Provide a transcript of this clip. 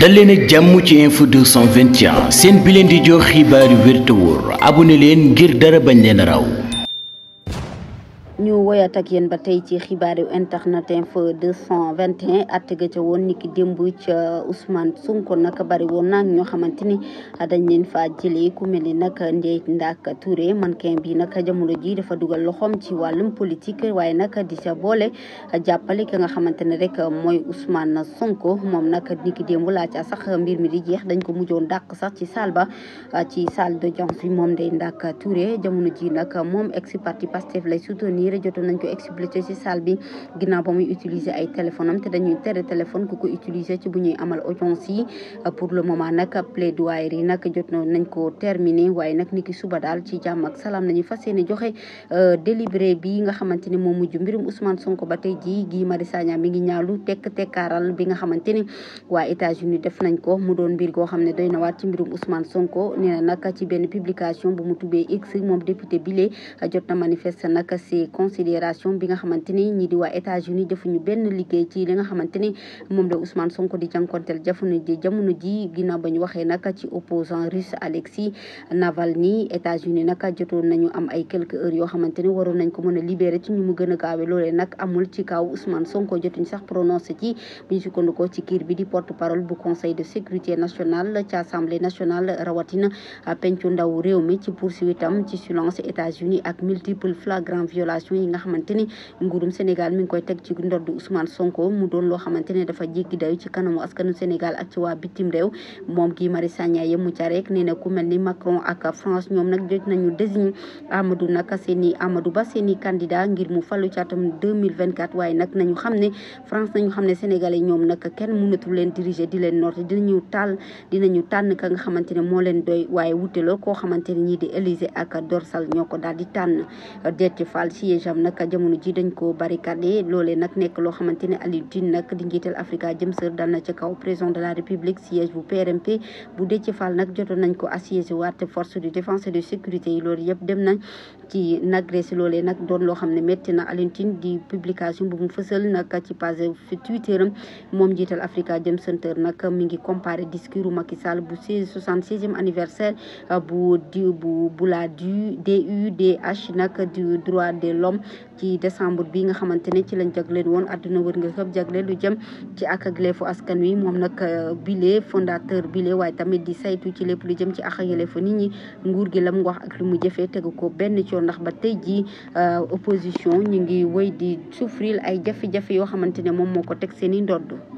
dal leen ak jàmm ci info 221 seen bi leen di jox xibaar yu abu te leen ngir dara bañ leen raw ñu woyat ak yéen ba tey ci xibaaru internet info 221 at ga ca woon niki démb ca Ousmane Sonko nag bari woon naag ñoo xamante ni dañ leen fa jëlee ku mel ni nag Ndeye Ndack Touré mannequin bi nag jamono ji dafa dugal loxoom ci wàllum politique waaye nag di sa boole jàppale ka nga xamante ne rek mooy Ousmane Sonko moom nag niki démb laa ca sax mbir mi di jeex dañ ko mujjoon dàq sax ci salle ba ci salle d'audience bi moom Ndeye Ndack ture jamono ji nag moom ex parti Pastef lay yëre jotoon nañ ko expliqué ci salle bi ginnaaw ba muy utiliser ay téléphone te dañuy tere téléphone ku ko utiliser ci bu ñuy amal audience yi pour le moment nag plaidoirie yi nag jot nañ ko terminé waaye nag niki suba daal ci jàmm salaam nañu fas yéene joxe euh, délibéré bi nga xamante ni moo mujj mbirum Ousmane Sonko ba tey jii Guy Marius Sagna mi ngi ñaalu tekk tekkaaral bi nga xamante ni waa États-Unis def nañ ko mu doon mbir goo xam ne doy na waat ci mbirum Ousmane Sonko nee na nag ci benn publication bu mu tubee X moom député bile jot na manifester nag si considération bi nga xamante ni ñi di waa États-Unis defuñu benn liggéey ci li nga xamante ni moom la Ousmane Sonko di jànkonteel jamono ji jamono ji ginnaaw ba ñu waxee naka ci opposant russe Alexei Navalny États-Unis naka jotoon nañu am ay quelques heures yoo xamante ni waroon nañ ko mën a libéré ci ñu mu gën a gaawe loolee nag amul ci kaw Ousmane Sonko jotuñ sax prononcé ci bu ñu sukkandikoo ci kiir bi di porte parole bu conseil de sécurité nationale ci assemblée nationale rawatina pencu ndaw réew mi ci poursuite am ci silence pression yi nga xamante ni nguurum Sénégal mi ngi koy teg ci ndodd Ousmane Sonko mu doon loo xamante ne dafa jéggi dayu ci kanamu askanu Sénégal ak ci waa bitim réew moom Guy Marius Sagna yemu ca rek nee na ku mel ni Macron ak France ñoom nag jot nañu désigné Amadou nag seeni Amadou Ba seeni candidat ngir mu falu ci atum 2024 waaye nag nañu xam ne France nañu xam ne Sénégalais ñoom nag kenn mënatul leen diriger di leen noter dinañu taal dinañu tànn ka nga xamante ne moo leen doy waaye wuteloo koo xamante ne ñii di éliser ak dorsal ñoo ko daal di tànn Déthié Fall ci siège am nag jamono ji dañ ko barricadé loolee nag nekk loo xamante ne Alioune Tine di njiital Africa Jëm Sër dal ci kaw président de la République siège bu PRMP bu Déthié Fall nag jotoon nañ ko assiégé waat force de défense de sécurité yi loolu yëpp dem nañ ci nagresi loolee nag doon loo xam ne métti na Alioune di publication bu mu fësal ci page Twitter moom njiital Africa Jëm Center nag mi ngi comparé discours Macky Sall bu soixante-sixième anniversaire bu bu la du l'homme ci décembre bi nga xamante ne ci lañ jagleen woon àdduna wër nga këpp jagleel lu jëm ci ak ak yelleefu askan wi moom nag euh, bile fondateur bile waaye tamit di saytu ci lépp lu jëm ci ak ak ni ñi nguur gi la lam wax ak lu mu jëfee tegu ko benn coon ndax ba tey jii euh, opposition ñu ngi woy di souffrir ay jafe-jafe yoo xamante ne moom moo ko teg seen i ndodd